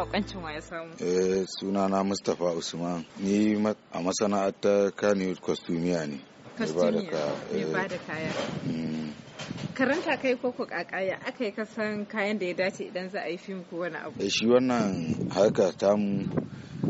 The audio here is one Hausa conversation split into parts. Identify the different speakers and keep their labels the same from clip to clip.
Speaker 1: bakoncin wa ya samu
Speaker 2: eh na Mustapha Usman ni a masana'antar Kannywood costumiya ne mai ba da
Speaker 1: kaya eh. karanta mm. kai ko ku kakaya aka yi kasan kayan da ya dace idan za a yi fim ko wani abu
Speaker 2: eh, shi wannan harka tamu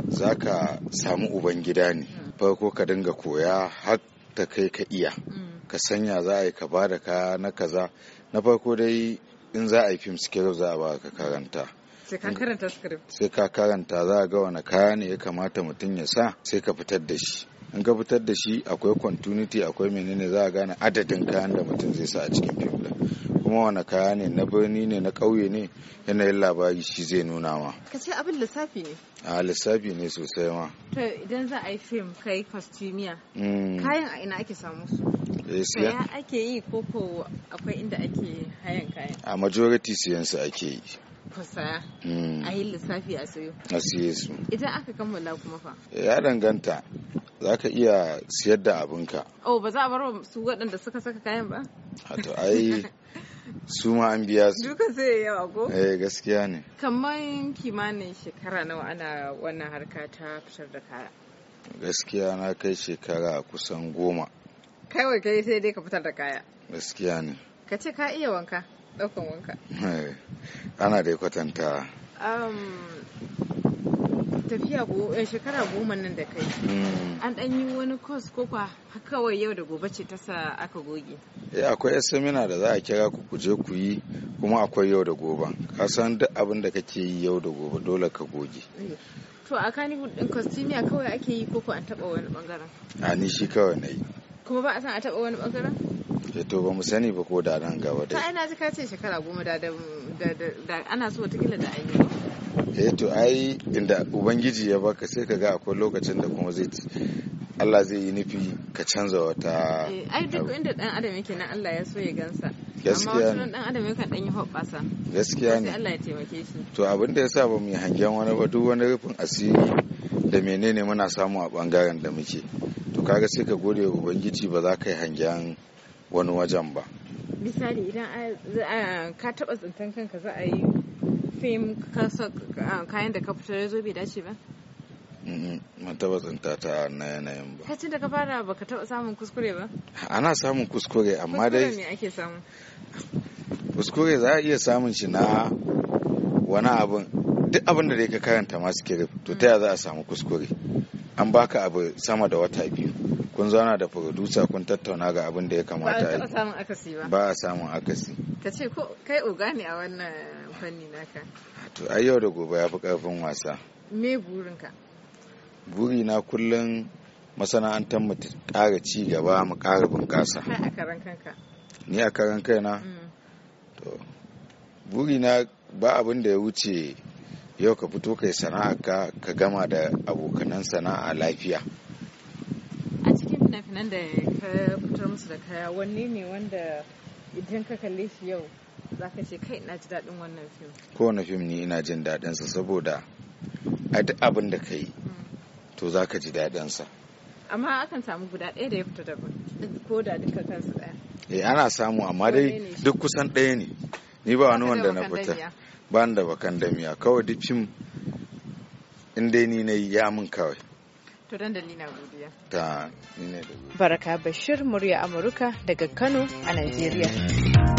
Speaker 2: za ka samu uban gida ne mm. farko ka dinga koya har ta kai ka iya mm. ka sanya za a yi ka ba da kaya na kaza na farko dai in za a yi fim skill za a ba ka karanta
Speaker 1: sai ka karanta script
Speaker 2: sai ka karanta za ga wani kaya ne ya kamata mutum ya sa sai ka fitar da shi in ka fitar da shi akwai continuity akwai menene za a gane adadin kayan da mutum zai sa a cikin fim din kuma wani kaya ne na birni ne na ƙauye ne yanayin labari shi zai nuna ma
Speaker 1: ka ce abin lissafi ne
Speaker 2: a lissafi ne sosai ma
Speaker 1: to idan za a yi fim kai costumiya mm. kayan a ina ake samu su eh, saya ake yi koko akwai inda ake hayan kayan
Speaker 2: a majority su ake yi
Speaker 1: Fasaya, hmm. a yi lissafi a sayo a siye su idan aka kammala kuma fa
Speaker 2: ya danganta za ka iya siyar da abinka
Speaker 1: oh ba za a bar su waɗanda suka saka kayan ba
Speaker 2: to ai su ma an biya su
Speaker 1: duka sai yawa ko eh
Speaker 2: gaskiya ne
Speaker 1: kamar kimanin shekara nawa ana wannan harka ta fitar da kaya
Speaker 2: gaskiya na kai shekara kusan goma
Speaker 1: Kai wai kai sai dai ka fitar da kaya
Speaker 2: gaskiya ne
Speaker 1: ka ce ka iya wanka daukan wanka
Speaker 2: ana da kwatanta
Speaker 1: um, tafiya eh, shekara goma nan da kai hmm. an ɗan yi wani kos ko kwa kawai yau da gobe ce ta aka goge
Speaker 2: eh akwai yan semina da za a kira ku ku je ku yi kuma akwai yau da gobe ka san duk abin da kake yi yau da gobe dole ka goge
Speaker 1: eh, to a kani din costumia kawai ake yi ko ku an taba wani bangaren
Speaker 2: a ni shi kawai na yi
Speaker 1: kuma ba a san a taba wani bangaren
Speaker 2: Eh, to ba mu sani ba ko da nan gaba dai
Speaker 1: ta ina ji ka ce shekara goma da ana so watakila da an
Speaker 2: yi eh to ai inda ubangiji ya baka sai ka ga akwai lokacin da kuma zai Allah zai yi nufi ka canza wata eh,
Speaker 1: ai duk inda dan adam yake nan Allah ya so ya gansa
Speaker 2: gaskiya amma dan
Speaker 1: adam yakan dan yi sa. gaskiya ne Allah ya taimake shi
Speaker 2: to abin da yasa ba mu yi hangen wani ba duk wani rufin asiri da menene muna samu a bangaren da muke to kaga sai ka gode wa ubangiji ba za ka yi hangen wani wajen ba
Speaker 1: misali idan ka taba tsintan kanka za a yi fim kayan da ka fitar ya zo bai dace ba
Speaker 2: mm-hmm. ban taba tsinta ta na yanayin ba
Speaker 1: kacin da ka fara ba ka taba samun kuskure ba
Speaker 2: ana samun kuskure amma dai kuskure
Speaker 1: me ake samu
Speaker 2: kuskure za a iya samun shi na wani abin duk abin da dai ka karanta masu kirif to ta za a samu kuskure an baka abu sama da wata biyu kun zauna da producer kun tattauna ga abin da ya kamata ba a
Speaker 1: samun akasi ba
Speaker 2: ba a samun akasi
Speaker 1: ka ce ko kai oga ne a wannan fanni naka
Speaker 2: to ai yau da gobe ya fi karfin wasa
Speaker 1: me burinka
Speaker 2: burina kullum masana'antar mu ƙara ci gaba mu ƙara bunƙasa a karan kanka ni a karan kaina mm. to burina ba abin da ya wuce yau ka fito kai sana'a ka gama da abokanan sana'a lafiya
Speaker 1: fina-finan da ka fitar musu da kaya wanne ne wanda idan ka kalle shi yau za ka ce kai ina ji daɗin wannan fim
Speaker 2: kowane fim ni ina jin saboda a duk abin da ka yi to za ka ji daɗinsa
Speaker 1: amma akan samu guda ɗaya da ya fita daban ko da duka kansu ɗaya
Speaker 2: eh ana samu amma dai duk kusan ɗaya ne ni ba wani wanda na fita ba da bakan damiya kawai duk fim in dai ni na yi ya min kawai
Speaker 1: To dandali na godiya.
Speaker 2: Ta, Nina ne
Speaker 1: Baraka Bashir, murya Amurka daga Kano a Najeriya.